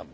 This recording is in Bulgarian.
haben.